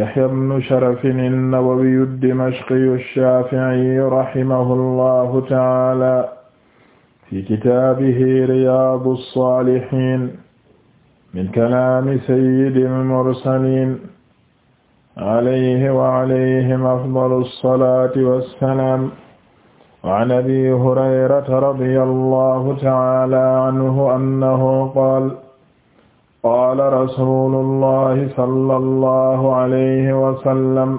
يحيى بن شرف النووي الدمشقي الشافعي رحمه الله تعالى في كتابه رياض الصالحين من كلام سيد المرسلين عليه وعليهم أفضل الصلاة والسلام وعن أبي هريرة رضي الله تعالى عنه أنه قال qaala rasuulullahi sallallahu alayhi wa sallam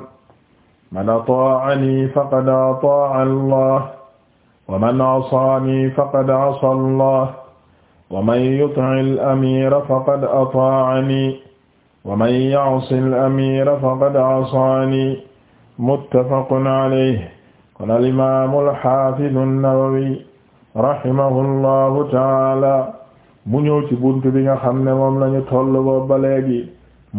man ataa'anii faqad ataa'a Allah wa man asaanii faqad asaa Allah wa man yuti'i al-amiira faqad ataa'anii wa man ya'si al-amiira faqad asaanii muttafaqun alayhi qaala al-imaamu al-haafidu an-Nawawi rahimahu Allahu ta'aala mu ñëw ci bunt bi nga xam ne moom lañu toll ba ba léegi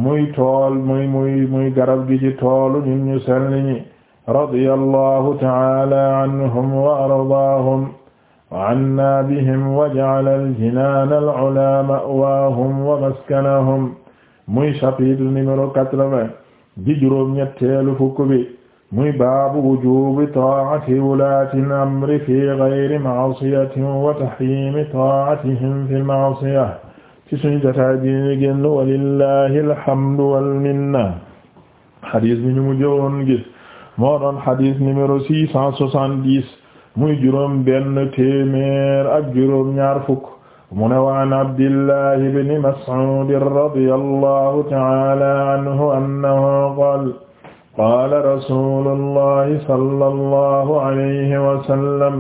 muy tool muy muy muy garab gi ci toolu ñun ñu selli ñi radiyallahu ta'ala anhum wa ardaahum wa anna bihim wa ja'ala al-jinaana al-'ulaa ma'waahum wa maskanahum muy chapitre numéro quatre-vingts di juróom ñetteelu fukk bi muy baabu wujubi taati wulaati al-amri fi gayri maasiyatin wa tahrimi taatihim fi maasiya ci suñu jotaay bi ñu génn walillahi alhamdu wal minna xadis bi ñu mu jëwoon gis moo doon xadis numéro six cent soixante-dix muy juróom benn téeméer ak juróom ñaar fukk mu ne waan abdillahi ibni mas'ud radiyallahu ta'ala anhu annahu qaala qaala rasuulullahi sallallahu alayhi wa sallam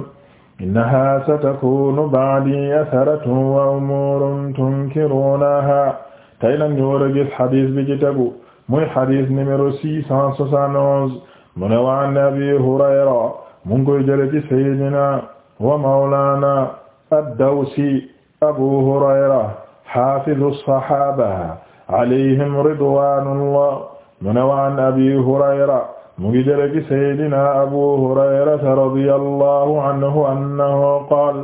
innahaa satakuunu ba'dii atharatun wa umuurun tunkiruunahaa tey nag ñu war a gis xadis bi ci tegu muy xadis numéro six cent soixante onze mu ne wa an Abii Hurayra mu ngi koy jële ci sayyidinaa wa mawlaanaa ad-Dawsi Abuu Hurayra xaafidu saxaaba alayhim ridwaanullaah mu ne waan abi hurayra mu ngi jële ci saydina abu hurayrata radiyallahu anhu annahu qaal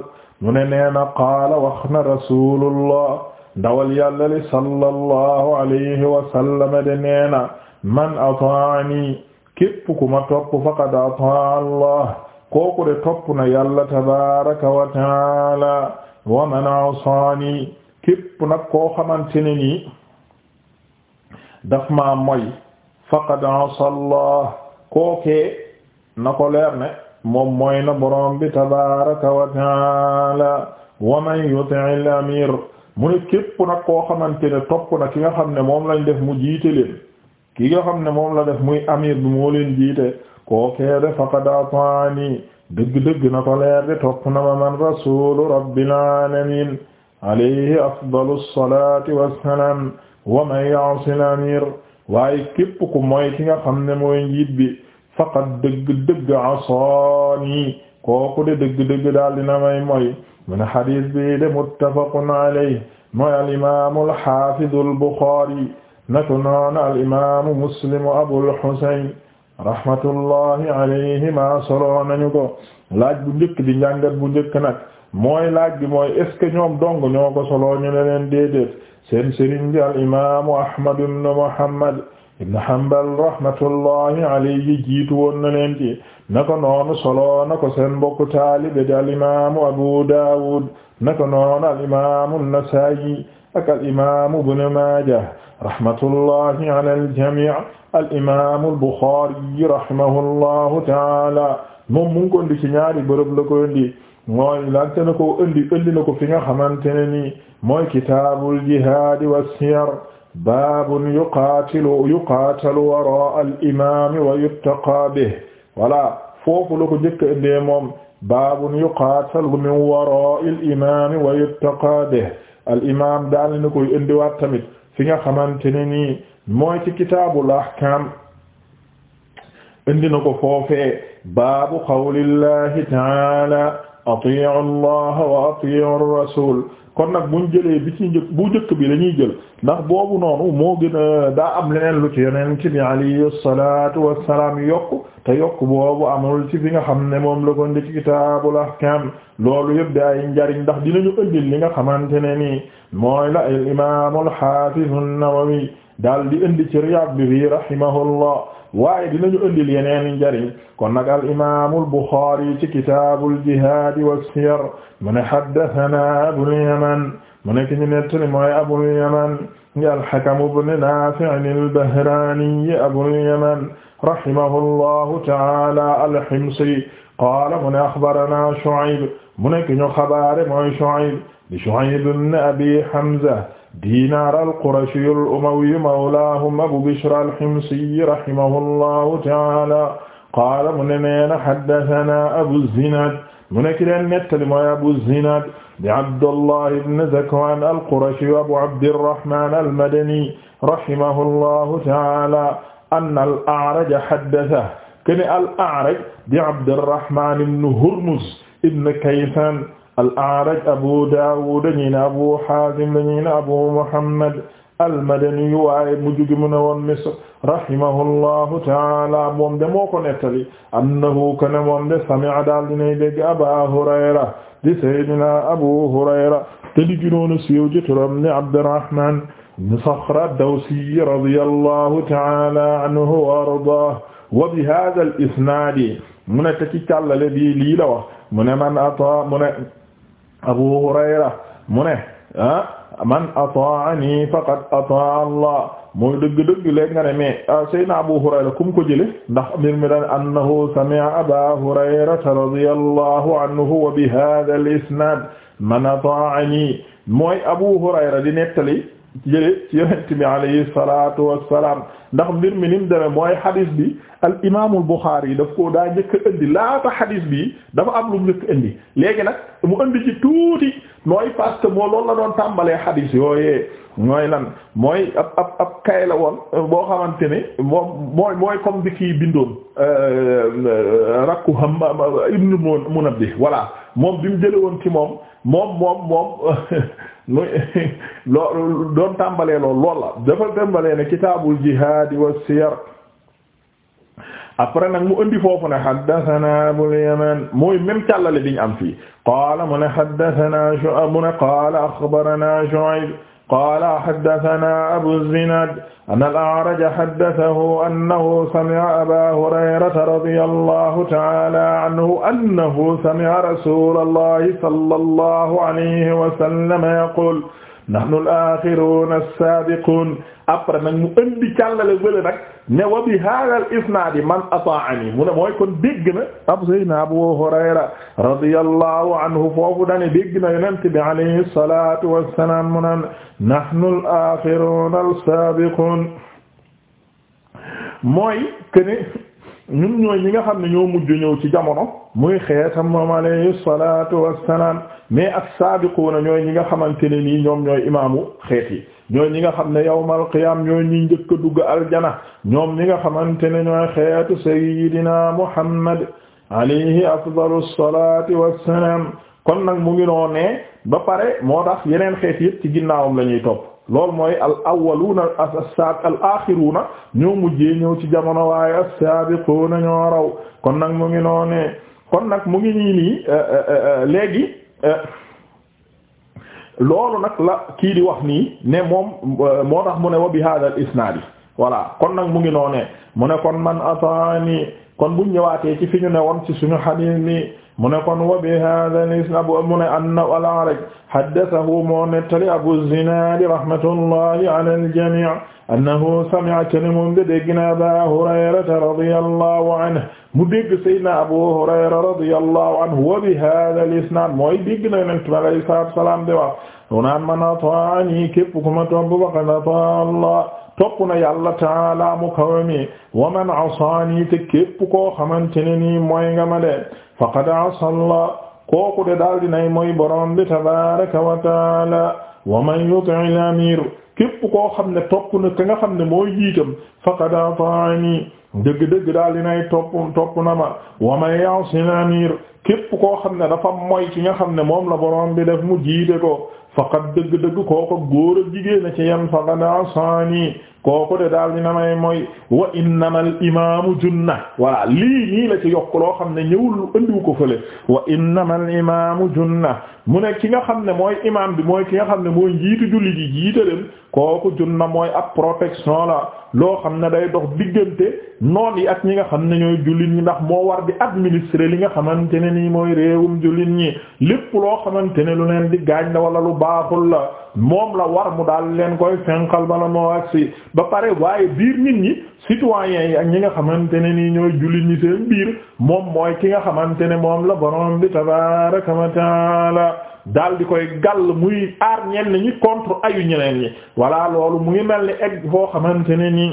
mu ne neena qaala wax na rasulullah ndawal yàlla li sallallahu alayhi wa sallam de neena man ataani képp ku ma topp faqad ataa allah kooku de topp na yàlla tabaraka wa taala wa man asaani képp nag koo xamante ne ni daf ma moy faqad asa llah kookee na ko leer ne moom mooy na boroom bi tabaraka wa taala wa man yuti l amir mu ne képp nag koo xamante ne topp na ki nga xam ne moom lañ def mu jiite leen ki nga xam ne moom la def muy amir bi moo leen jiite kookee de faqad ataani dëgg-dëgg na ko leer de topp na ma man rasulu rabbil alamin alayhi afdalu lsalati wassalam wa man ya'si l amir waaye képp ku mooy ki nga xam ne mooy njiit bi faqad dëgg dëgg asaani kooku de dëgg dëgg daal dina may mooy mun a xadiis bi de muttafaqun alayhi mooy al imaamu al xaafidu al noonu al imaamu muslimu abul xuseyn rahmatullahi alayhima solo nañu ko laaj bu njëkk di njàngat bu njëkk nag mooy laaj bi mooy ko solo ñu ne leen seen sëriñ bi al imaamu ahmad ibn muhammad ibn hanbal rahmatullahi alayhi jiitu woon na leen ci naka noonu solo na ko seen mbokku taalibe al imaamu abu daawud naka noonu al imaamu nasaa'i ak al imaamu ibn maaja rahmatullahi ala al jamii al imaamu al buxaari rahimahullahu taala moom mu ko indi ci ñaari bërëb la ko indi mooy lante na ko indi indi na ko fi nga xamante ne ni mooy kitaabul jihaad wa siyar baabun yuqaatilu yuqaatalu waraa al imaami wa foofu la ko njëkk a indee moom baabun yuqaatalu min waraa al imaami wa yuttaqaa bih al imaam daal na koy nga xamante ne nii mooy ci kitaabul indi na ko foofee baabu qawlillahi ati'u allah wa ati'u rasul kon nag buñ jëlee bi ci bu njëkk bi la ñuy jël ndax boobu noonu moo gën a daa am leneen lu ci yeneen ci bi alayhi salatu wassalam yokk te yokk boobu amul ci fi nga xam ne moom la ko ndi ci kitaabul ahkam loolu yëpp day njariñ ndax dinañu ëndil li nga xamante ne nii mooy la al imam al hafiz an-nawawi daal di indi ci Riyaad bi fii rahimahullah waaye dinañu indil yeneen njariñ kon nag al imaamul Buxaari ci kitaabul jihaad wa siyar mu ne haddasanaa Abul Yaman mu ne ki ñu nettali mooy Abul Yaman nga al-Hakam ibn Naafi' al-Bahraani Abul Yaman rahimahullahu ta'aala al-Himsi qaala mu ne axbaranaa Shu'ayb mu ne ki ñu xabaare mooy Shu'ayb di Shu'ayb ibn Abi Hamza diinaar al-Qurashi al-Umawi mawlaahum Abu Bishr al-Himsi rahimahullahu ta'aala qaala mu ne nee na haddathanaa Abu Zinaad mu nekk leen nettali mooy Abu Zinaad di Abdullah ibn Zakwaan al-Qurashi Abu Abdirrahmaan al-Madani rahimahullahu ta'aala anna al-A'raj haddathahu kaana al-A'raj di Abdirrahmaan ibn Hurmuz ibn Kaysaan al-A'raj Abu Dawud ñi ne Abu Hazim ñi ne Abu Muhammad al-Madani waaye mujj gi mu ne woon Misr rahimahullahu ta'ala moom de moo ko nettali annahu kana moom de sami'a daal dinay dégg Aba Hurayra di Seydina Abu Hurayra te di gënoon siiw ji turam ni Abdurrahman ibn Sakhr ad-Dawsi radiyallahu ta'ala anhu wa ardaahu wa bi haadha al-isnaad mu ne te ci càllale bi lii la wax mu ne man ata mu ne Abu Hurayra mu ne ah man ata'ani faqad ata'a Allah mooy dëgg-dëgg léegi nga ne mais ah, Seydina Abu Hurayra kum ko jële ndax mbir mi daan annahu sami'a Aba Hurayrata radiyallahu anhu wa bi hadha al-isnad man ata'ani mooy Abu Hurayra di nettali jële ci Yonent bi alayhi salatu wassalam ndax mbir mi ni mu demee mooy xadis bi al imaamul Buxaari daf koo daa njëkk a indi laata xadis bi dafa am lu mu njëkk indi léegi nag mu indi ci tuuti mooy parce que moo loolu la doon tàmbalee xadis yooyee mooy lan mooy ab kay la woon boo xamante ne moom mooy mooy comme bi kii bindoon euh, rakku xam ibnu Munabbih voilà moom bi mu jëlee woon ci moom moom moom moom. doon tàmbalee loolu lool la dafa tàmbalee ne kitaabul jihaad jihaadi wa siyar après nag mu andi foofu ne haddathana Abul Yaman mooy même càllale biñ am fii qaala mu ne haddathana mu ne qaala akhbarana Shu'ayb qaala haddathana Abu Zinad anna al-A'raj haddathahu annahu sami'a Aba Hurayrata radiyallahu ta'ala anhu annahu sami'a Rasulallahi sallallahu alayhi wa sallam yaqul nahnu al-aaxiruun as-saabiquun après nag mu indi càllale wële nag ne wa bi haadha al-isnaad man ataa'anii mu ne mooy kon dégg na ab Seydina Abu Hurayra radiyallahu anhu foofu dane dégg na Yonent bi alayhi salaatu wassalaam mu naan nahnu al-aaxiruun as-saabiquun mooy que ne ñun ñooy ñi nga xam ne ñoo mujj ñëw ci jamono. muy xeetam moom alayhi salatu wassalam mais ak saabiquuna ñooy ñi nga xamante ne nii ñoom ñooy imaamu xeet yi ñooy ñi nga xam ne yawmal qiyaam ñooy ñi njëkk a dugg aljana ñoom ñi nga xamante ne ñooy xeetu sayyidina Muhammad alayhi afdalu salatu wassalam kon nag mu ngi noonu ba pare moo tax xeet yëpp ci ginnaawam la ñuy topp loolu mooy al awwaluuna as-saab al aaxiruuna ñoo mujjee ñëw ci jamono waaye as na ñoo raw kon nag mu ngi noonu kon nag mu ngi nii nii euh, euh, euh, léegi loolu nag la kii di wax nii ne moom moo tax mu ne wa bi hadha al isnaad voilà kon nag mu ngi noonee mu ne kon man ataani kon buñ ñëwaatee ci fi ñu ne woon ci suñu xadiis nii mu ne kon wa bi hada lisnab mu ne anna al-A'raj haddathahu moo nettali Abu Zinad rahmatullahi ala al-jami' annahu sami'a kene moom de dégg na Aba Hurayrata radiyallahu anhu mu dégg Seydina Abu Hurayra radiyallahu anhu wa bi hada lisnad mooy dégg na Yonent bi alayhi salaatu wa salaam de wax mu naan man ata'ani képp ku ma topp faqad ata'a Allah topp na yàlla taala mu kawe mi wa man asaani te képp koo xamante ne nii mooy nga ma de faqad asalla kooku de daal dinay mooy borom bi tabaraka wa taala wa man yuti'il amir képp koo xam ne topp na ka nga xam ne mooy jiitam faqad ata'ani dëgg-dëgg daal dinay topp topp na ma wa man ya'sil amir képp koo xam ne dafa moy ki nga xam ne moom la borom bi def mu jiite ko faqad dëgg-dëgg kooko góor ak jigéen a ci yem faqad asaani kooko de daal na may mooy wa innamal imaamu junna voilà lii nii la ci yokk loo xam ne ñëwul lu andiwu ko fële wa innamal imaamu junna mu ne ki nga xam ne mooy imaam bi mooy ki nga xam ne mooy njiitu julli ji jiite leen kooku junna mooy ab protection la loo xam ne day dox diggante noon yi ak ñi nga xam ne ñooy jullit ñi ndax moo war di administrer li nga xamante ne nii mooy réewum jullit baaxul la moom la war mu daal leen koy fenqal bala moo agsi ba pare waaye biir nit ñi citoyens yi ak ñi nga xamante ne nii ñooy jullit ñi seen biir moom mooy ki nga xamante ne moom la borom bi tabaaraka wa taala daal di koy gàll muy aar ñenn ñi contre ayu ñeneen ñi voilà loolu mu ngi mel ni egg foo xamante ne nii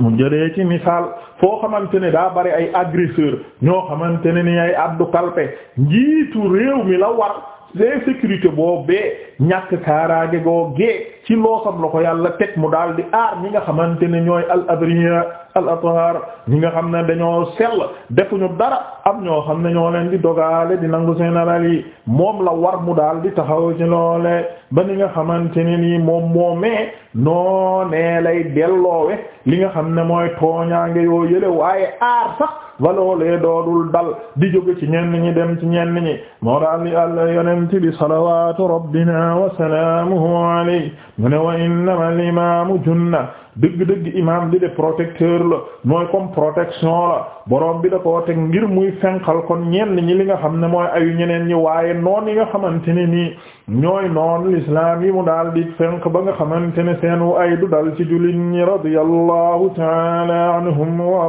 mu jëlee ci misaal foo xamante ne daa bari ay agresseur ñoo xamante ne ni ay addu kalpe njiitu réew mi la war l'insécurité boobee ñàkk goo googee ci loosam la ko yàlla teg mu daal di aar ñi nga xamante ne ñooy al abriya al athar ñi nga xam ne dañoo sell defuñu dara am ñoo xam ne ñoo leen di dogaale di nangu seen alal yi moom la war mu daal di taxaw ci loole ba ni nga xamante ne nii moom moomee noonee lay delloowe li nga xam ne mooy tooñaange yoo yële waaye aar sax ba loolee doodul dal di jóge ci ñenn ñi dem ci ñenn ñi moo daal li àlla yonent bi salawaatu rabbina wa salaamuhu alayhi mu ne wa innama al imaamu junna dëgg-dëgg imam bi de protecteur la mooy comme protection la borom bi da ko teg ngir muy fenqal kon ñenn ñi li nga xam ne mooy ayu ñeneen ñi waaye noon yi nga xamante ne nii ñooy noon l'islam yi mu daal di fenq ba nga xamante ne seen wu ay du dal ci jullit ñi radiyallahu ta'ala anhum wa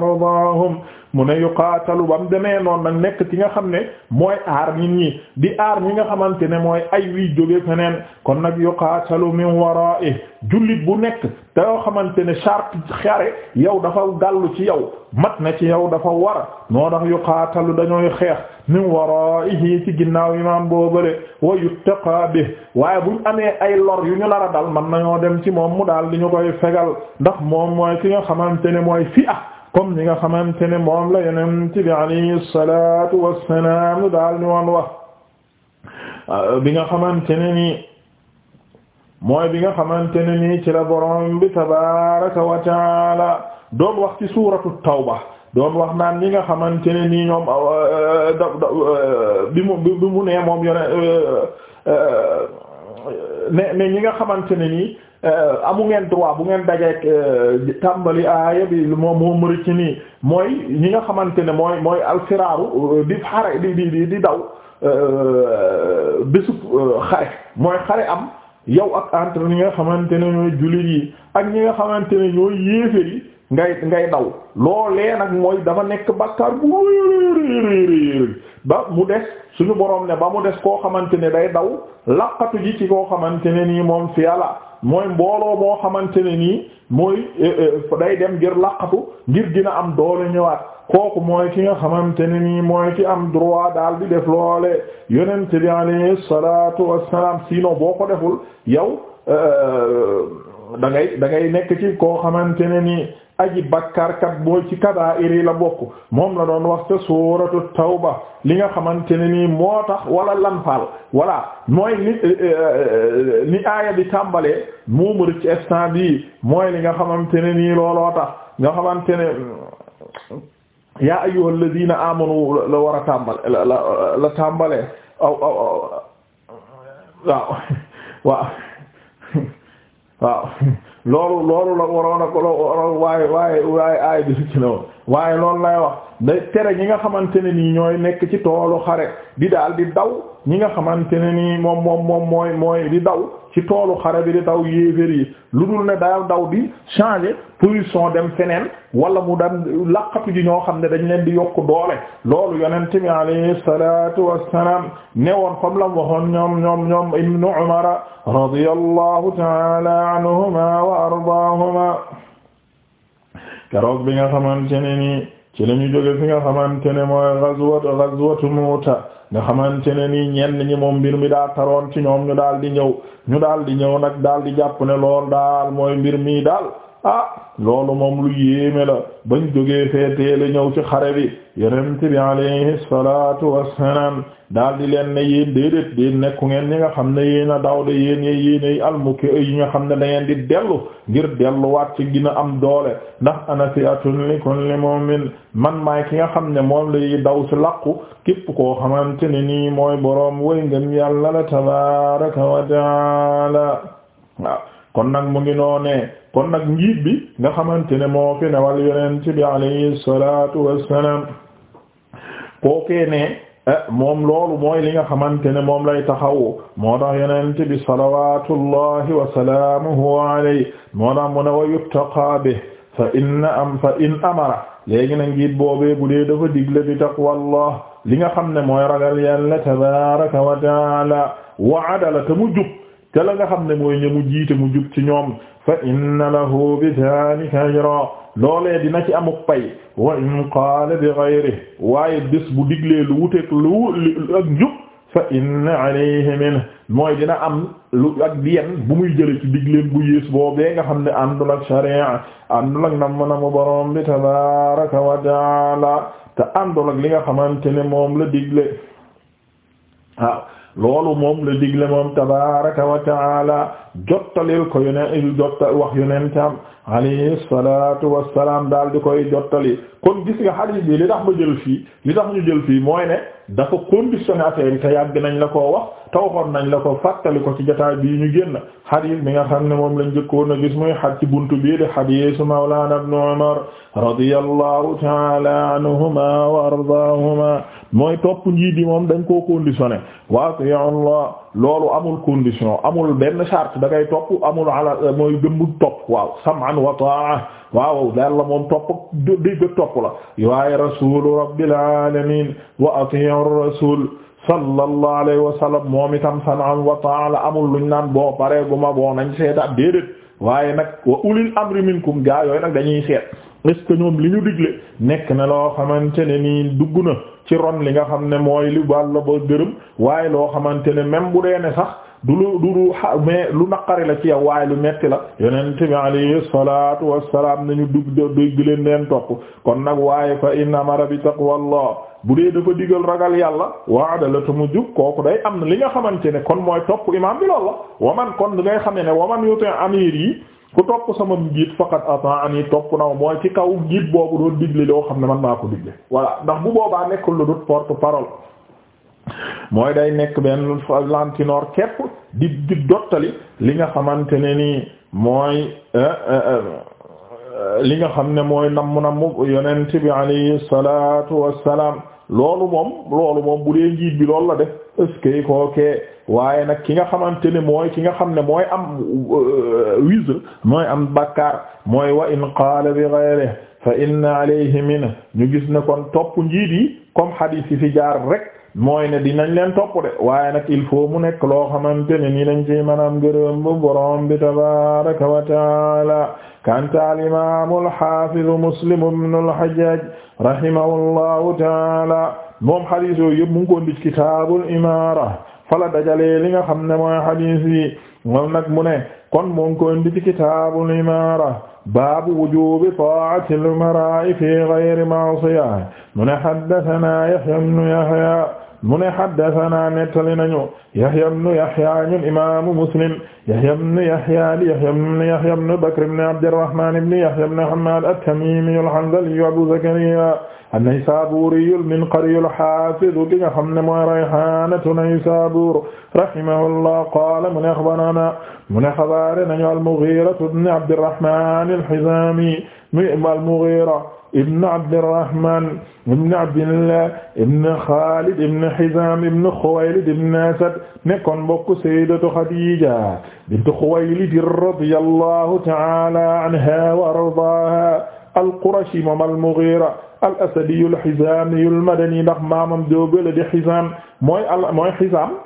mu ne yuqaatalu ba mu demee noonu nag nekk ci nga xam ne mooy aar nit ñi di aar ñi nga xamante ne mooy ay wi jóge feneen kon nag yuqaatalu min wara'i jullit bu nekk te xamante ne charte xare yow dafa gàllu ci yow mat na ci yow dafa war moo tax yuqaatalu dañooy xeex min i ci ginnaaw imaam boobale wa yuttaqa bi waaye buñ amee ay lor yu ñu nar a dal man nañoo dem ci moom mu daal di ñu koy fegal ndax moom mooy ki nga xamante ne mooy fi a comme ni nga xamante ne moom la yonent bi alayhi salaatu wassalaam daal ñu woon wax bi nga xamante ne nii mooy bi nga xamante ne nii ci la borom tabaaraka wa taala doon wax ci suuratu tawba doon wax naan ñi nga xamante ni nii ñoom da da bi mu bi mu moom ne ne nga xamante ne Euh, amu ngeen droit bu ngeen dajee euh, tàmbali aaya bi moom moo mëri ci nii mooy ñi nga xamante ne mooy mooy alfiraaru euh, di xare di di di daw bésub xare mooy xare am yow ak entre ñi nga xamante ne ñooy jullit yi ak ñi nga xamante ne ñooy yéeféer yi ngay ngay daw loolee nag mooy dafa nekk bàkkaar bu ba mu des suñu borom ne ba mu des koo xamante ne day daw laqatu ji ci koo xamante ne nii moom fi yàlla mooy mbooloo moo xamante ne nii mooy eh, eh, day dem ngir laqatu ngir dina am doole ñëwaat kooku mooy ki nga xamante ne nii mooy ki am droit daal di def loole yonent bi alayhi salaatu wassalaam sinon boo ko deful yow eh, da ngay nekk ci koo xamante ne nii aji bakkar kat mooy ci kabaa'ir yi la bokk moom la doon wax ca taw tawba li nga xamante ne nii moo tax wala lanfaal voilà mooy ni euh, euh, euh, ni aaya bi tàmbalee muumur ci instant bii mooy li nga xamante ne nii looloo tax nga xamante ne yaa ayyuhal ladina amanu la war tàmbale la tàmbalee waaw waaw waaw loolu loolu la waroon a ko waaye aay bi ci na waaye loolu lay wax day tere ñi nga xamante ne nii ñooy nekk ci toolu xare di daal di daw ñi nga xamante ne nii moom moom moom mooy mooy di daw ci toolu xare bi di daw yéeféer yi lu dul ne daal daw di changer position dem feneen wala mu dem laqatu ji ñoo xam ne dañ leen di yokk doole loolu yonent bi alayhi salaatu wassalaam ne woon comme la mu waxoon ñoom ñoom ñoom ibnu umara radiyallahu ta'ala anhuma wa ardaahuma keroog bi nga xamante ne nii ci lañu jóge fi nga xamante ne mooy ghazwatu ghazwatu Muuta nga xamante ne nii ñenn ñi moom mbir mi daa taroon ci ñoom ñu daal di ñëw ñu daal di ñëw nag daal di jàpp ne lool daal mooy mbir mi daal ah loolu moom lu yéeme la bañ jógee fee teele ñëw ci xare bi yonent bi alayhi salaatu wassalaam daal di leen ne yéen déedéet déen nekku ngeen ñi nga xam ne yéen a daw de yéen yi nga xam ne da di dellu ngir delluwaat ci gina am doole ndax ana fi'atun li kulli mu'min man maay ki nga xam ne moom lay daw si làqu képp koo xamante ne nii mooy borom way ngëm yàlla la tabaaraka wa taala kon nag mu ngi noonee kon nag njiit bi nga xamante ne moo fi newal yonent bi alayhi salatu wassalam kookee ne eh, moom loolu mooy li nga xamante ne moom lay taxawu moo tax yonent bi salawatullahi wa salaamuhu alayhi moo tax mu ne yuttaqa bi fa inna am fa in amara léegi na njiit boobee bu dee dafa digle bi taqwallah li nga xam ne mooy ragal yàlla tabaraka wa taala wa adala te mu jub te la nga xam ne mooy ña mu jiite mu jub ci ñoom fa inna lahu bi dhalika ajra loolee dina ci amuk pay wa in qaala bi ghayri waaye bés bu diglee lu wuteek lu ak njub fa inna alayhi min mooy dina am lu ak diyen bu mu jële ci digleen bu yées boobee nga xam ne àndul ak sharia àndul ak nam na mu borom wa taala te àndul li nga xamante ne moom la digle waaw loolu moom la digle moom tabaraka wa taala jottalil ko yoneen jotta wax yonentam alayhi salatu wasalaam daal di koy jottali kon gis nga hadith bi li tax ma jël fii li tax ñu jël fii mooy ne dafa conditionné affaire yi te yàgg nañ la koo wax tawaxoon nañ la ko fàttali ko ci jotaay bii ñu génn xadiis bi nga xam ne moom lañ jëkkoon a gis muy xaj ci buntu bii di xadiisu mawlaana ibnu umar taala anhuma wa ardaahuma mooy topp njiit yi moom dañ koo conditionné wa Allah loolu amul condition amul benn charte da ngay topp amul ala mooy gëmbu topp waaw sam'an wa ta'a waaw daal moom topp dégg topp la waaye rasulu rabbil alamin wa ati'u rasul sallallahu alayhi wa sallam moom itam sanan wa ta'ala amul luñ naan boo pare bu ma boo nañ seetaat déedéet waaye nag wa ulil amri minkum gaa yooyu nag dañuy seet est-ce que ñoom li ñu digle nekk na loo xamante ne nii dugg na ci ron li nga xam ne mooy li wàll ba gërëm waaye loo xamante ne même bu dee ne sax du lu du lu mais lu naqari la ci yow waaye lu metti la yonent bi alayhi salaatu wassalaam nañu dugg dégg leen leen topp kon nag waaye fa in amara bi taqwallah bu dee dafa digal ragal yàlla waadala ta mu jub kooku day am na li nga xamante ne kon mooy topp imaam bi loolu la waman kon dangay xam ne ne waman yuti amir yi ku topp sama njiit faqat ata'ani topp na mooy ci kaw njiit boobu doon digle loo xam ne man maa ko digle voilà ndax bu boobaa nekkul lu dul porte parole mooy day nekk benn lantinoor képp di di dottali li nga xamante ne nii mooy euh, euh, euh, li nga xam ne mooy namm namm yonent bi alayhi salaatu wassalaam loolu moom loolu moom bu dee bi loolu la def est waaye nag ki nga xamante ne mooy ki nga xam ne mooy am euh, wizr mooy am bakkaar mooy wa in qaala bi ghayrihi fa inna alayhi min ñu gis ne kon topp njiit yi comme hadith yi fi jaar rek mooy ne dinañ leen topp de waaye nag il faut mu nekk loo xam ne nii dañ ci mën a am gërëm bu borom bi tabaaraka wa taala kanta al-imaamu al-haafizu Muslim ibnu al-Hajjaaj rahimahullahu taala moom xadiis yooyu yëpp mu ngi ko ndi kitaabul imaara fala dajalee li nga xam ne mooy xadiis yi moom nag mu ne kon mu ngi ko ndi ci kitaabul imaara baabu wujuubi taa'atil umaraa'i fii ghayri ma'siya mu ne haddasanaa Yahyaa ibnu Yahyaa mu ne haddathana nettali nañu Yahya ibn Yahya ñun imaamu Muslim Yahya ibn Yahya di Yahya ibn Yahya ibn Bakr ibn Abdirrahman ibn Yahya ibn Hammad at-Tamimi al-Hanzali Abu Zakariya an-Naysaburi al-Minqari al-Hafiz ki nga xam ne mooy rayhanatu Naysabur rahimahullah qaala mu ne akhbarana mu ne xabaare nañu al-Mughira ibn Abdirrahman al-Hizami mu al-Mughira ibn Abdirrahman ibn Abdillah ibn Xaalid ibn Hizaam ibn Xuwaylid ibn Asad nekkoon mbokk sayyidatu Xadiija bint Xuwaylid radiyallahu ta'ala anha wa ardaaha al-Qurashi moom al-Mughiira al-Asadi al-Hizaami al-Madani ndax maamam doogale di Hizaam mooy al mooy Hizaam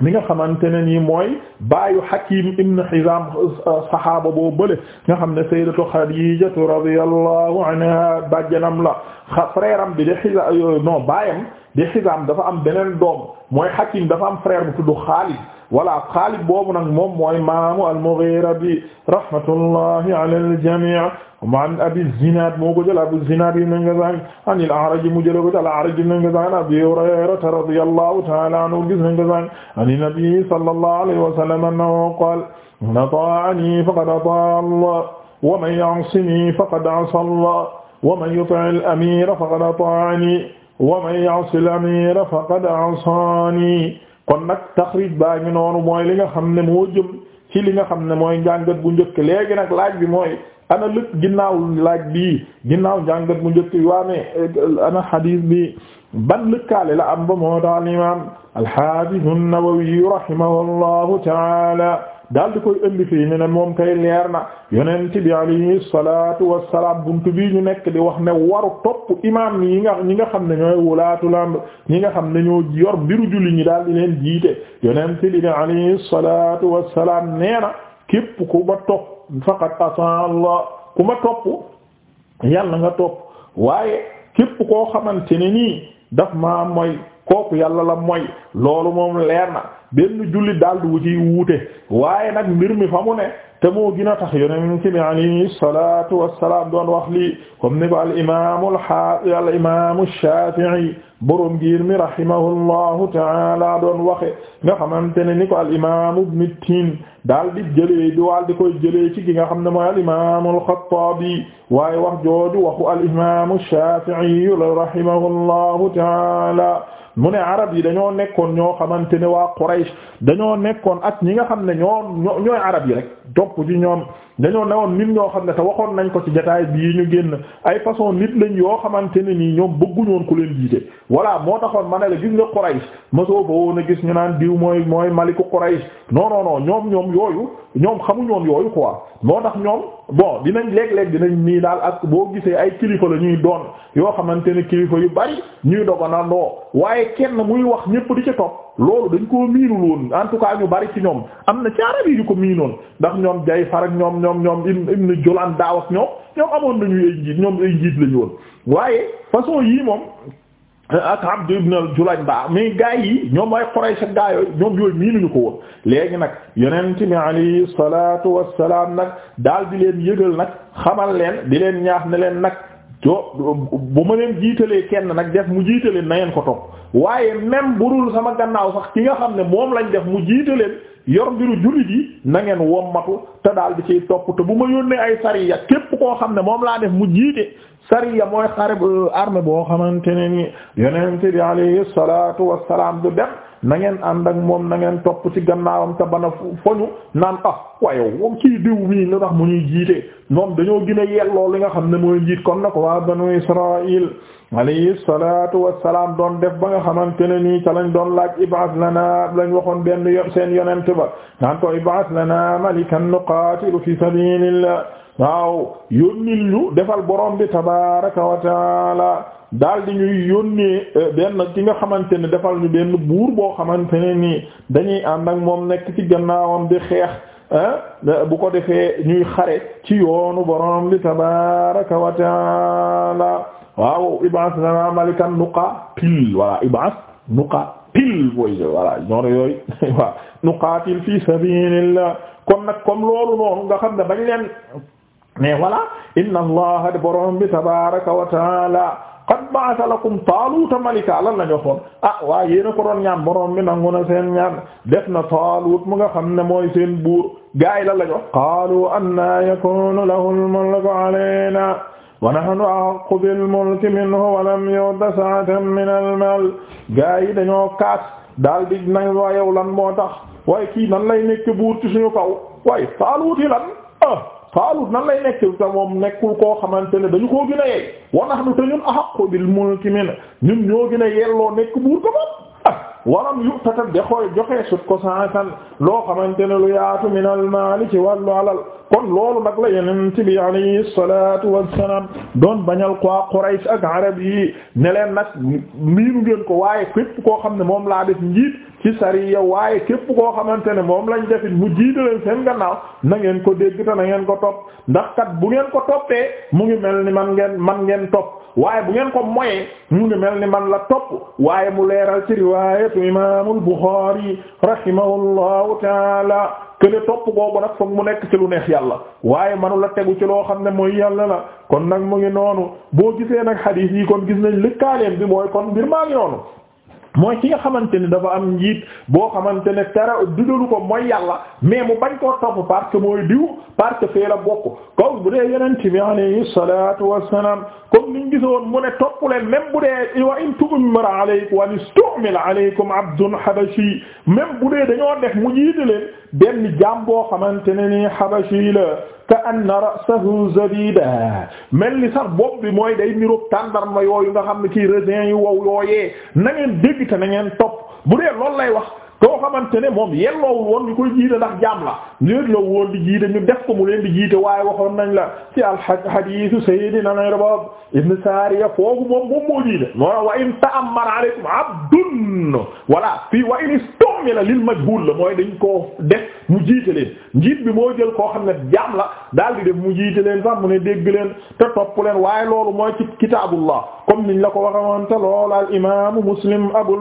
mi nga xamante ne nii mooy baayu Hakim ibn Hizam euh, saxaaba boo bële nga xam ne sayyidatu Xadiijatu radiyallahu anha bàjjanam la a frère am bi di Hizam euh, non baayam di Hizam dafa am beneen doom mooy Hakim dafa am frère bu tudd Xaalid voilà Xaalid boobu nag moom mooy maamu al-Mughira bi rahmatullahi ala al-jamii man abi zinad moo ko jël abu zinad yi na ngasan an il a'raj mu jële ko jël a'raj na ngasan abi hurayrata radiyallahu ta'ala anhu gis na ngasan an nabi sallallahu alayhi wa sallam annahu qala man ata'ani faqad ata'a Allah wa man ya'sini faqad 'asa Allah wa man yuti' al-amira faqad ata'ani wa man ya'si al-amira faqad 'asani kon nag taxrij baa ngi noonu mooy li nga xam ne moo jëm ci li nga xam ne mooy njàngat bu njëkk léegi nag laaj bi mooy ana lëpp ginnaaw laaj bi ginnaaw njàngat bu njëkk bi ana xadiis bi ban lëkkaale la am ba moo daal imaam al-Haafiz an-Nawawi ta'ala daal di koy indi fii ñu moom kay leer na yonent bi alayhi salaatu wassalaam buntu bii ñu nekk di wax ne waru topp imaam yi nga ñi nga xam ne ñooy wulaatul amr ñi nga xam ne ñoo yor mbiru julli ñi daal di leen jiite yonent bi alayhi salaatu wassalaam nee na képp ku ma topp faqat ataa Allah ku ma topp yàlla nga topp waaye képp koo xamante ne nii daf maa mooy kooku yàlla la mooy loolu moom leer benn jullit daal du ci wuute waaye nag mbir mi fa mu ne te moo gën a tax yonent bi alayhi salaatu wassalaam doon wax lii comme ni ko al imaamu al haafiz al imaamu Shaafi'i borom giir mi rahimahullahu taala doon waxe nga xamante ne ni ko al imaamu Ibnu Tiin daal di jëlee di waal di koy jëlee ci gi nga xam ne mooy al imaamu al Xattaabi waaye wax jooju waxu al imaamu Shaafi'i rahimahullahu taala mu ne arab yi dañoo nekkoon ñoo xamante ne waa Quraysh dañoo nekkoon ak ñi nga xam ne ñoo ñooy arab yi rek topp ci ñoom dañoo newoon nit ñoo xam ne te waxoon nañ ko ci jotaay bii ñu génn ay façon nit lañ yoo xamante ne nii ñoom bëgguñoon ku leen jiite voilà moo taxoon ma ne la gis nga Quraysh mosoo fa woon a gis ñu naan diw mooy mooy maliku Quraysh non non non ñoom ñoom yooyu ñoom xamuñoon yooyu quoi moo tax ñoom bon dinañ léeg-léeg dinañ nii daal ak boo gisee ay kilifa la ñuy doon yoo xamante ne kilifa yu bari ñuy doganandoo waaye kenn muy wax ñépp di ci topp loolu dañ koo miinul woon en tout cas ñu bari ci ñoom am na ci arab yi ñu ko miinoon ndax ñoom Jayfar ak ñoom ñoom ñoom ibn Julaan daaw ak ñoom ñoom amoon nañu ay ñoom ay njiit woon waaye façon yii moom ak Abd ibn Julañ ba mais gaa yi ñoom ay Quraysh ak gaa yooyu ñoom yooyu miinuñu ko woon léegi nag yonent bi alayhi salaatu wassalaam nag daal di leen yëgal nag xamal leen di leen ñaax ne leen nag jo bu ma leen jiitalee kenn nag def mu jiitaleen na ngeen ko topp waaye même burul sama gannaaw sax ki nga xam ne moom lañ def mu jiitaleen yor mbiru jullit yi nangeen ngeen wommatu te daal di ciy topp te bu ma yónnee ay sariya képp koo xam ne moom laa def mu jiite sariya mooy xare euh, armée boo xamante ne ni yonent bi alayhi salaatu wassalaam du dem na ngeen ànd ak moom na ngeen topp ci gannaawam te bana foñu naan ah waaye moom ciy diw mii lu tax mu ñuy jiite moom dañoo gën a yelloo li nga xam ne mooy njiit kon na ko waa banu Israël alayhi salaatu salaam doon def ba nga xamante ne nii ca lañ doon laaj ib'ath lana lañ waxoon benn yoon seen yonent ba naan ko ib'ath lana malikan nuqatilu fi sabilillah waaw yónnil ñu defal borom bi tabaraka wa taala daal di ñuy yónnee eh, benn ki nga xamante ne defal ñu benn buur boo xamante ne nii dañuy ànd ak moom nekk ci gannaawam di xeex bu ko defee ñuy xare ci yoonu borom bi tabaraka wa taala waaw ibas malikan nuqa pil voilà ibas nuqa pil boy voilà ñoonu yooyu waaw nuqatil fi kon nag loolu noonu nga xam ne bañ leen mais voilà inna allah borom bi tabaraka wa qad ba'atha lakum taaluuta malika lan lañu waxoon ah waa yéena ko doon ñaan borom bi nangu na seen ñaan def na taaluut mu nga xam ne mooy seen buur gaay lan lañu wax qaalu anna yakunu lahu al-mulku alayna wa nahnu ahaqqu bil-mulki minhu wa lam yu'ta sa'atan min al-maal gaay yi dañoo kaas daal di nag waa yow lan moo tax waaye kii nan lay nekk buur ci suñu kaw waaye taaluut yi lan ah Taalut nan lay nekk te moom nekkul koo xamante ne dañu koo gën a yey wa nahnu te ñun ahaqqu bil mulki minhu ñun ñoo gën a yelloo nekk buur ko moom ah waram yu tatat de xooy joxe sut ko san loo xamante ne lu yaatu min al maali ci wàllu alal kon loolu nag la yeneen ci bi alayhi salaatu wassalaam doon bañal quoi Quraysh ak arab yi ne leen nag miinu ngeen ko waaye képp koo xam ne moom laa def njiit ci sariya waaye képp koo xamante ne moom lañ defit mu jiite leen seen gannaaw na ngeen ko dégg te na ngeen ko topp ndax kat bu ngeen ko toppee mu ngi mel ni man ngeen man ngeen topp waaye bu ngeen ko moyee mu ngi mel ni man la topp waaye mu leeral ci riwaayatu imaamul Buxaari rahimahullahu taala kële topp boobu nag foog mu nekk ci lu neex yàlla waaye manu la tegu ci loo xam ne mooy yàlla la kon nag mu ngi noonu boo gisee nag xadiis kon gis nañ lëkkaaleem bi mooy kon mbir maa ngi noonu mooy ki xamante ni dafa am njiit boo xamante ne tera digalu ko mooy yàlla mais mu bañ ko topp parce que mooy diw parce que fee la bu dee yeneen ci bi alayhi salaatu wassalaam comme niñ gisoon mu ne topp leen même bu dee wa in tu'mara alaykum wa istumil alaykum abdun habashi même bu dee dañoo def mu jiite leen benn jaam boo xamante ne ni habashi la ka anna ra'sahu zabiba mel ni sax bopp bi mooy day niroog tàndarma yooyu nga xam ne ci raisin yu wow yooyee na ngeen dégg te na ngeen topp bu dee loolu lay wax koo xamante ne moom yelloowul woon ñu koy jiite ndax jaam la yelloowul woon di jiite ñu def ko mu leen di jiite waaye waxoon nañ la ci al hadiisu sayyidina Irbaad ibn Saariya foofu moom moom moo jiite moo wa in ta'ammara alaykum abdun wala fii wa in istumila lil majhul la mooy dañ koo def mu jiite leen njiit bi moo jël koo xam ne jaam la daal di def mu jiite leen sax mu ne dégg leen te topp leen waaye loolu mooy ci kitaabullah comme niñ la ko waxoon te loolu al imaamu Muslim Abul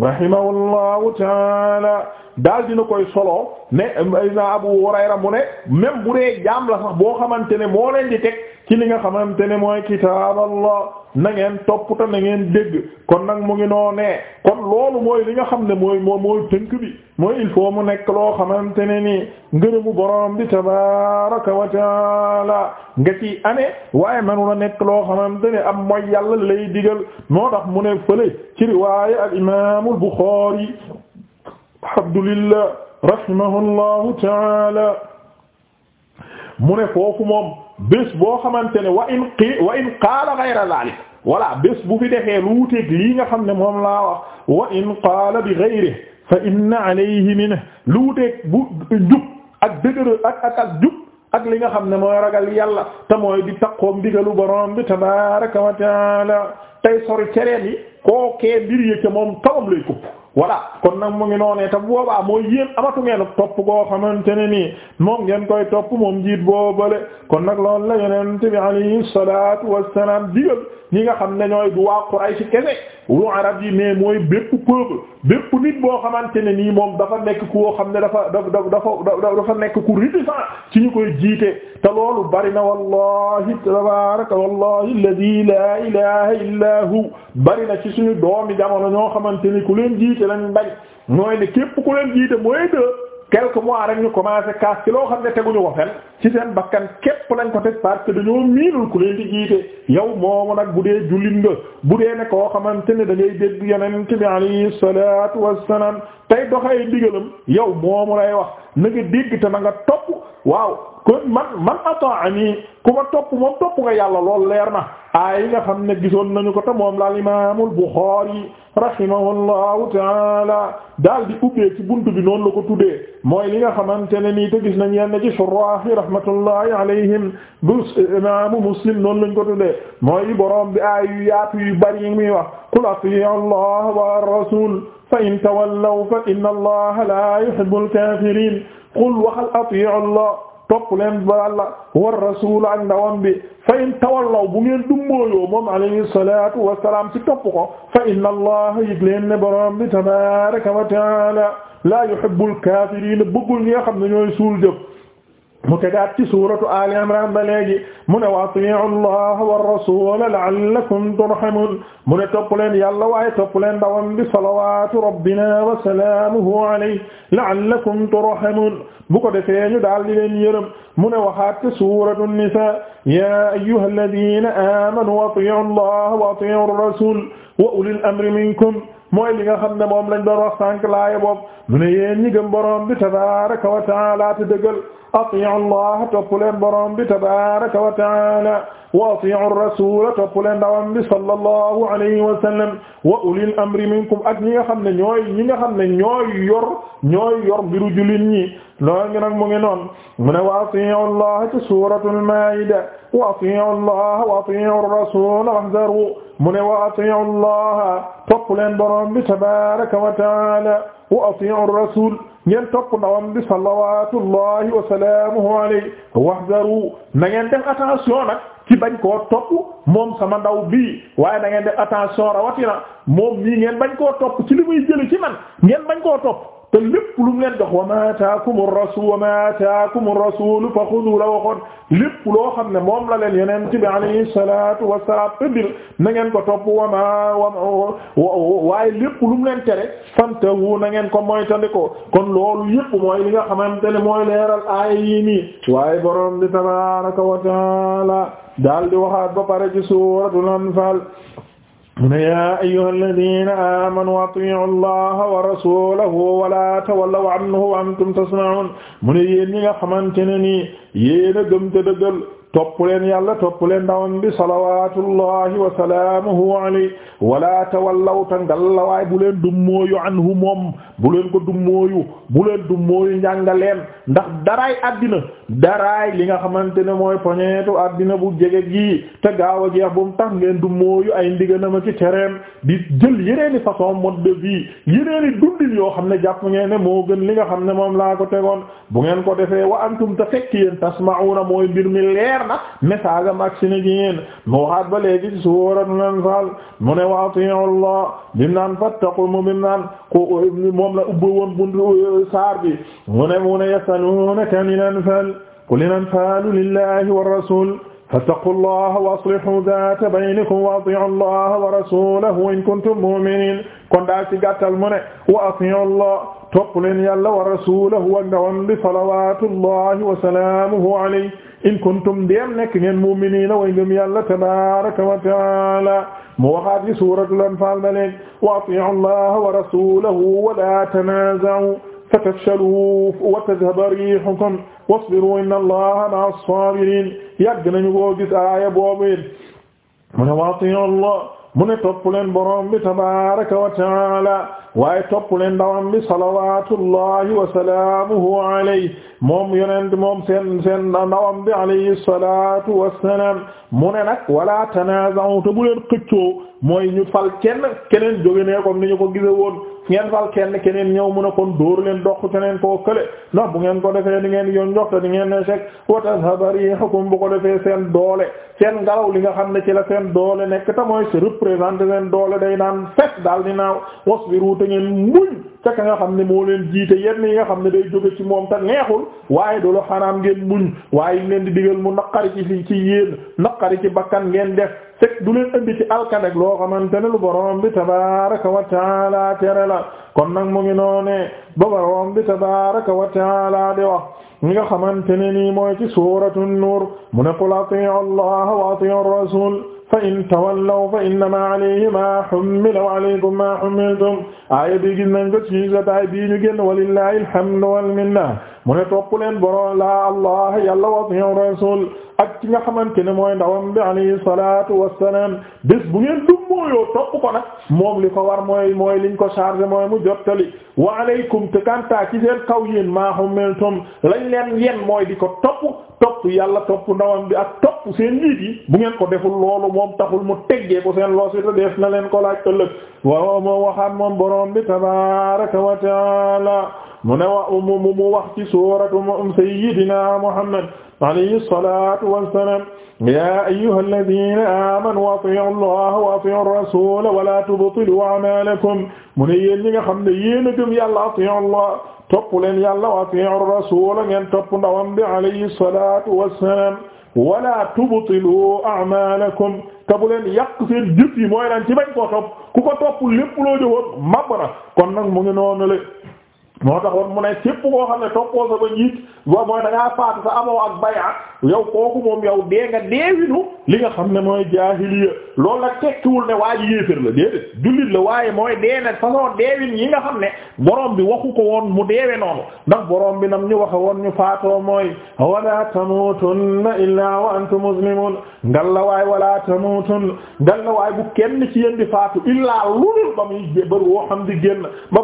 rahimahullahu taala daal dina koy solo ne na Abu Hurayra mu ne même bu dee jaam la sax boo xamante ne moo leen di teg ci li nga xamante ne mooy kitaaballah na ngeen topp te na dégg kon nag mu ngi noone kon loolu mooy li nga xam ne mooy mooy tënk bi mooy il faut mu nekk loo xamante ne nii ngërëmu borom bi tabaraka wa taala nga ci ane waaye manu la nekk loo xamante ne am mooy yàlla lay digal moo tax mu ne fële ci riwaaya al imaamul Buxaari alhamdulillah rahimahullahu taala mu ne foofu moom bés boo xamante ne wa in qi wa in qaala ghayra bu fi defee lu wuteeg lii nga xam ne moom laa wax wa in qaala bi ghayrihi fa inna alayhi minhu lu wuteeg bu ak dëgër ak ak li nga xam ne mooy ragal yàlla te mooy di taqoom digalu borom bi tabaraka wa taala tey sori cereen yi kookee mbir yëcca moom tawam lay kupp voilà kon nag mu ngi noonee te boobaa mooy yéen amatu ngeen topp goo xamante ne nii moom ngeen koy topp moom jiit njiit boobale kon nag lool la yonent bi alayhi salaatu wassalaam digal ñi nga xam ne bu du waa Quraysh kese wu arab yi mais mooy bépp peuple bépp nit boo xamante ne nii moom dafa nekk koo xam ne dafa dafa dafa dafa nekk ku réticent ci ñu koy jiite te loolu bari na wallahi tabaraka wallahi alladhi la ilaha illa hu bari na ci suñu doomi jamono ñoo xamante ni ku leen jiite lañ bañ mooy ne képp ku leen jiite mooy de quelques mois rek ñu commencé kaas ci loo xam ne teguñu ko fen ci seen bakkan képp lañ ko teg parce dañoo miinul ku leen di jiite yow moomu nag bu dee jullit nga bu dee ne koo xamante ne da ngay dégg yonent bi alayhi salaatu wassalaam tey doxay ndigalam yow moomu lay wax na dégg te na topp waaw kon man man ata'ani ku ma topp moom topp nga yàlla lool leer na aay yi nga xam ne gisoon nañu ko te moom la imaamul Buxaari rahimahullahu taala daal di ubbee ci buntu bi noonu la ko tuddee mooy li nga xamante ne nii te gis nañ yenn ci surah yi rahmatullahi alayhim bu imaamu muslim noonu lañ ko tuddee mooy yi boroom bi aay yu yaatu yu bari yi muy wax qul atii allah wa ar-rasul fa in tawallaw fa inna allaha la yuhibbul kafirin qul waxal atii allah topp leen ba Allah war rasul ak ndawam bi fa in tawallaw bu ngeen dummóoyoo moom alayhi salatu wasalaam ci topp ko fa inna allah yëg leen ne borom bi tabaraka wa taala la yuhibbul kaafiriin bëggul ñi nga xam ne ñooy suul jëf mu tegaat ci suuratu Ali Imran ba léegi mu ne wa atii'u Allah wa rasuula la'allakum turhamuun mu ne topp leen yàlla waaye topp leen ndawam bi salawaatu rabbina wa salaamuhu alayhi la'allakum turhamuun bu ko defee ñu daal di leen yërëm mu ne waxaat ci suuratu Nisaa yaa ayyuhal laziina aamanuu atii'u Allah wa atii'u rasuula wa ulil amri minkum mooy li nga xam ne moom lañ doon wax sànq laaya boobu mu ne yéen ñi gëm boroom bi tabaaraka wa ta'aala te dëggal atii'u allah topp leen borom bi tabaraka wa taala wa atii'u rasula topp leen ndawam bi sallallahu alayhi wa sallam wa ulil amri minkum ak ñi nga xam ne ñooy ñi nga xam ne ñooy yor ñooy yor mbiru julin ñi lool ngi nag mu ngi noon mu ne wa atii'u allah ci suratul maida wa atii'u allah wa atii'u rasul wahzaru mu ne wa atii'u allah topp leen borom bi tabaraka wa taala wa atii'u rasul ngeen topp ndawam bi salawatullahi wa salaamuhu alayhi wahdaru na ngeen def attention nag ki bañ koo topp moom sama ndaw bii waaye na ngeen def attention rawatina moom mii ngeen bañ koo topp ci li muy jëli ci man ngeen bañ koo topp te lépp lu mu leen jox wa ma ataakumu rasul fa xudu la waxoon lépp loo xam ne moom la leen yonent bi alayhi salaatu wa salaam ëddil na ngeen ko topp wa ma waaye lépp lu mu leen tere fantahu na ngeen ko moytandiku kon loolu yépp mooy li nga xamante ne mooy leeral aaya yii nii waaye borom wa taala daal di waxaat ba pare ci suuratul anfaal mu ne yaa ayyuha alladina amanu atii'u allaha wa rasulahu wala tawallaw anhu wa antum tasma'un mu ne yéen ñi nga xamante ne nii yéen a gëm te dëggal topp leen yàlla topp leen ndawam bi salawatullahi wa salaamuhu alayhi wala tawallaw ta ngallawaay bu leen dummóoyu anhu moom bu leen ko dummóoyu bu leen dummóoyu njàngaleen ndax daraay àddina daraay li nga xamante ne mooy poñeetu àddina bu jege gii te gaaw a jeex bu mu tax ngeen dummóoyu ay ma ci tereem di jël yeneeni façon mode de vie yeneeni dundin yoo xam ne jàpp ngeen ne moo gën li nga xam ne moom laa ko tegoon bu ngeen ko defee wa antum te fekk yéen tasma'una leer na message am ak sini gi yéen mu waxaat ba léegi suuratul anfaal mu ne wa atii'ullah bim naan fattaqu mu bim naan ko moom la ubbi woon buntu saar bi mu ne mu ne yasaluunaka anil anfaal qul anfaalu lillahi wa rasuul fattaqu llaha wa aslihu zaata baynikum wa atii'u llaha wa rasuulahu in kuntum mu'miniin kon daal ci gàttal mu ne wa atii'u llaha topp leen yàlla wa rasuulahu wa ndawam bi salawaatu llahi wa salaamuhu alayhi in kuntum ndéem nekk ngeen mu'miniina way ngëm yàlla tabaaraka wa ta'aala mu waxaat ci suuratul anfaal ba léegi wa atii'u allaha wa rasuulahu wa laa tanaaza'u fatafshalu wa tadhhaba riihukum wasbiru inna allaha ma'as saabiriin yàgg nañu ko gis aaya boobu mu ne wa atii'u allah mu ne topp leen borom bi tabaraka wa taala waaye topp leen ndawam bi salawatullahi wa salaamuhu alayhi moom yonent moom seen seen ndawam bi alayhi salatu wassalam mu ne nag wala tanaza'u te bu leen xëccoo mooy ñu fal kenn keneen jóge ne comme ni ñu ko gise woon ngeen fal kenn keneen ñëw mun a kon dóor leen doq keneen koo kële ndax bu ngeen ko defee di ngeen yoon njoxte di ngeen ne chec watasabari xukum bu ko defee seen doole seen ngelaw li nga xam ne ci la seen doole nekk te mooy se représenter seen doole day naan fekk daal di naaw wasbiru te ngeen muñ ca ka nga xam ne moo leen jiite yenn yi nga xam ne day jóge ci moom te neexul waaye du la xaraam ngeen muñ waaye leen di digal mu naqari ci ci yéen naqari ci bakkan ngeen def teg du leen indi ci alkanek loo xamante ne lu borom bi tabaraka wa taala tere la kon nag mu ngi noone ba borom bi tabaraka wa taala di wax ñi nga xamante ne nii mooy ci suratu nuur mu ne qul atiu allah wa atiu rasul fa in tawallaw fa innama alayhi ma hummila wa alaykum ma hummiltum aaya bi gis nañ ko ci jotaay bi ñu génn walillahi alhamdu wal minna mu ne topp leen borom la allah yàlla wa atiu rasul ak ci nga xamante ne mooy ndawam bi alayhi salaatu wassalaam bés bu ngeen dum topp ko nag moom li ko war mooy mooy liñ ko chargé mooy mu jottali wa alaykum te kanta ci seen kaw yéen maa humiltum lañ leen yen mooy di ko topp topp yàlla topp ndawam bi ak topp seen njiit yi bu ngeen ko deful loolu moom taxul mu teggee ko seen loos yi te na leen ko laaj ëllëg waaw moo waxaat moom borom bi tabaaraka wa taala mu ne wa mu mu wax ci suuratu sayyidina Muhammad alayhi salaatu wassalaam yaa ayyuhal ladiina aamanu atii'u llaha wa atii'u rasuula wa laa tubtiluu a'maalakum mu ne yéen ñi nga xam ne yéen a gëm yàlla atii'u llaha topp leen yàlla wa atii'u rasuula ngeen topp ndawam bi alayhi salaatu wassalaam wa laa tubtiluu a'maalakum te bu leen yàq seen jëf yi mooy lan ci bañ koo topp ku ko topp lépp loo jëfoon màbb na kon nag mu ngi noonu le moo tax wan mu ne képp koo xam ne toppoo sa ba njiit wa mooy da faatu sa amoo ak bay'a yow kooku moom yow dee nga deewinu li nga xam ne mooy jaahiliya loolu la tekkiwul ne waa ji la déedéet jullit la waaye mooy dee na façon deewin yi nga xam ne borom bi waxu ko woon mu deewe noonu ndax borom bi nam ñu waxe woon ñu faatoo mooy wala tamutunna illaa wa antum muslimun ngal la waay wala tamutunna ngal la waay bu kenn ci yéen di faatu illaa lulul ba muy bër woo xam di génn ba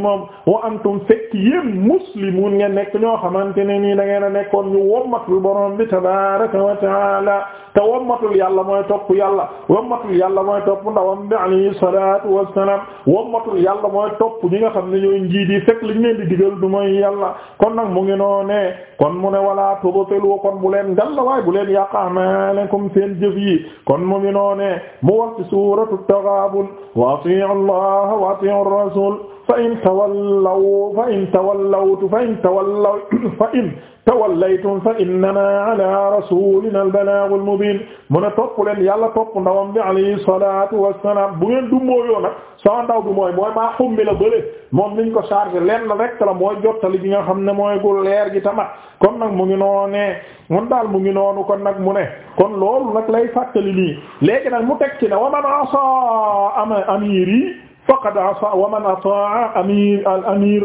moom wa antum fekk yéen muslimun ngeen nekk ñoo xamante ne nii da ngeen a nekkoon ñu wommatul borom bi tabaraka wa taala te wommatul yàlla mooy topp yàlla wommatul yàlla mooy topp ndawam bi alayhi salatu wassalam wommatul yàlla mooy topp ñi nga xam ne ñooy njiit yi fekk li leen di digal du mooy yàlla kon nag mu ngi noo ne kon mu ne walaa tubtilu kon bu leen ngalla waay bu leen yàq amalakum seen jëf yi kon mu ngi noo ne mu wax ci suratu taghabun wa fa in tawallaw fa in tawallawtu fa in tawallaw fa in tawallaytum fa innama ala rasulina albalaagul mubiin mu ne topp leen yàlla topp ndawam bi alayhi salaatu wassalaam bu ngeen du mooyoo nag sama ndaw bi mooy mooy maa xumbi la bële moom niñ ko chargé leen rek la mooy jottali gi nga xam ne mooy gu leer gi tamat kon nag mu ngi noonee mun daal mu ngi noonu kon nag mu ne kon loolu nag lay fàttali nii léegi nag mu teg ci wa man asaa amiiri faqad asaa wa man ataa amir al amir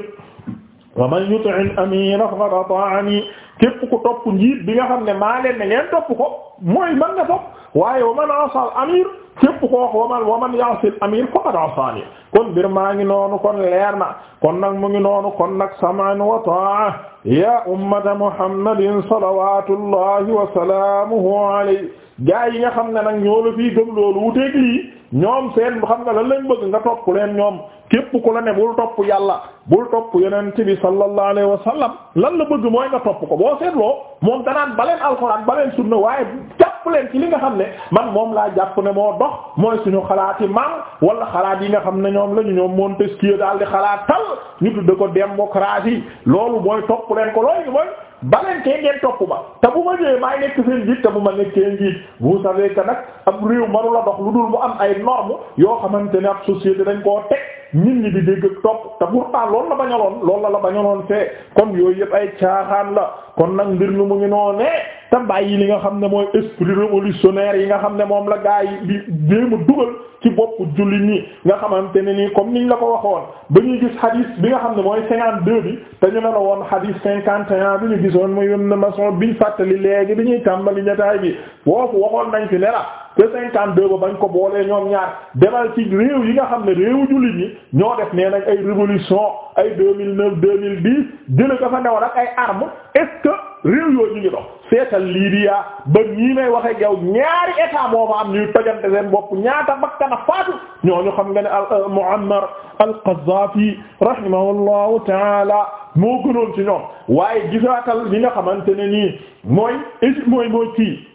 wa man yuti al amir faqad ataani képp ku topp njiit bi nga xam ne maa leen ne ngeen topp ko mooy man nga topp waaye wa man asaa al amir képp ko wax wa man wa man yaasi al amir faqad asaani kon mbir maa ngi noonu kon leer na kon nag mu ngi noonu kon nag samaan wa taa ya ummata muhammadin salawatullahi wa salaamuhu alayhi gaa yi nga xam ne nag ñoo la fii gëm loolu wuteeg lii ñoom seen xam nga lan lañ bëgg nga topp leen ñoom képp ku la ne bul topp yàlla bul topp yonent bi sallallahu alayhi wa sallam lan la bëgg mooy nga topp ko boo seetloo moom danaan ba baleen alxuraan baleen sunna waaye jàpp leen ci li nga xam ne man moom laa jàpp ne moo dox mooy suñu xalaat yi maam wala xalaat yi nga xam ne ñoom la ñu ñoom Montesquieu daal di xalaat tal ñu tudde ko démocratie loolu mooy topp leen ko looy mooy balentee ngeen topp ma te bu ma ñëwee maay nekk seen njiit te bu ma nekkee njiit vous savez que nag ab réew mënu la dox lu dul mu am ay normes yoo xamante ne ab société dañ koo teg nit ñi di dégg topp te pourtant loolu la bañaloon loolu la la bañaloon fee kon yooyu yëpp ay caaxaan la kon nag mbir mi mu ngi noonu te bàyyi li nga xam ne mooy esprit révolutionnaire yi nga xam ne moom la gaa yi di déema dugal ci boppu jullit ñi nga xamante ne nii comme niñ la ko waxoon ba ñuy gis hadith bi nga xam ne mooy cinquante deux bi te ñu ne la woon hadith cinquante et un bi ñu gisoon muy Ibn Mas'ud biñ fàttali léegi bi ñuy tàmbali jotaay bi foofu waxoon nañ fi ne la te cinquante deux ba bañ ko boolee ñoom ñaar demal ci réew yi nga xam ne réewu jullit ñi ñoo def nee nañ ay révolution ay deux mille neuf deux mille dix jële ko fa newoon ak ay armes est-ce que réew yooyu ñu ngi dox seetal Libya ba ñii may waxe gaw ñaari état moo fa am ñuy te seen bopp ñaata bakkana faatu ñooñu xam nga ne al euh, Muammar al-Qaddafi rahimahullahu taala moo gënoon ci ñoom waaye gisaatal li nga xamante ne nii mooy mooy mooy kii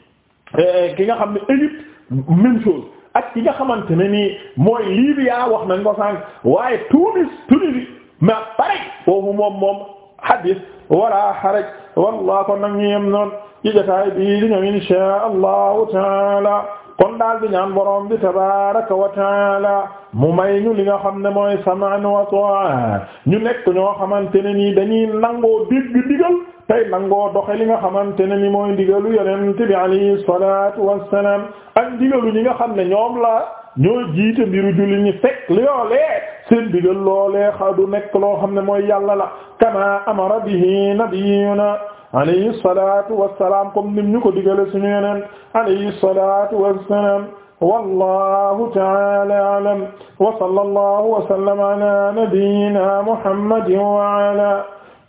Euh, ki nga xam ne Égypte même chose ak ki nga xamante ne nii mooy Libya wax nañ ko sànq waaye Tunis Tunisie mais pare foofu moom moom hadis wala haraj wallah kon nag ñu yem noonu ci jotaay bi di ñëw taala kon daal di ñaan borom bi tabaraka wa taala mu may ñu li nga xam ne mooy samaan wa toa ñu nekk ñoo xamante ne nii dañuy nangoo dégg digal tey nangoo doxe li nga xamante ni mooy ndigalu yonent bi alayhi salaatu wassalaam ak nga xam ne ñoom la ñoo jiite mbiru julli ñi fekk loolee seen ndigal loolee xadu nekk loo xam ne mooy yàlla la kama amara bihi nabiyuna alayhi salaatu wassalaam comme nim ñu ko digale suñu yonent alayhi wassalaam wallahu ta'ala a'lam wa sallallahu wa sallama ala nabiyyina